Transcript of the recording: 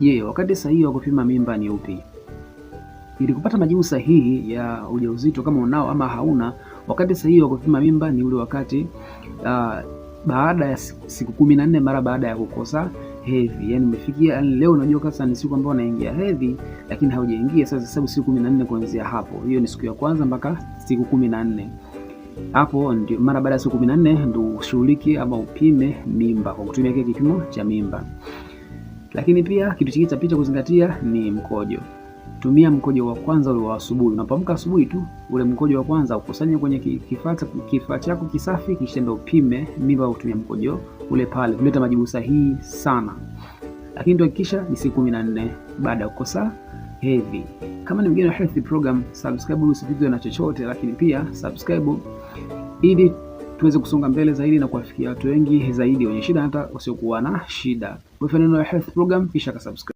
Je, wakati sahihi wa kupima mimba ni upi? Ili kupata majibu sahihi ya ujauzito kama unao ama hauna, wakati sahihi wa kupima mimba ni ule wakati uh, baada ya siku kumi na nne mara baada ya kukosa hedhi. Yani umefikia yani leo unajua kasa ni siku ambayo unaingia hedhi, lakini haujaingia. Sasa hesabu siku kumi na nne kuanzia hapo, hiyo ni siku ya kwanza mpaka siku kumi na nne hapo ndio mara baada ya siku kumi na nne ndio ushughulike ama upime mimba kwa kutumia kile kipimo cha mimba. Lakini pia kitu kingine cha picha kuzingatia ni mkojo. Tumia mkojo wa kwanza ule wa asubuhi. Unapoamka asubuhi tu, ule mkojo wa kwanza ukusanye kwenye kifaa kifaa chako kisafi, kisha ndio upime mimba utumia mkojo ule pale. Kuleta majibu sahihi sana. Lakini tuhakikisha ni siku 14 baada ya kukosa hedhi. Kama ni mgeni wa Health Program, subscribe usipitwe na chochote, lakini pia subscribe ili tuweze kusonga mbele zaidi na kuwafikia watu wengi zaidi wenye shida hata wasiokuwa na shida. Wewe neno ya health program kisha ka subscribe.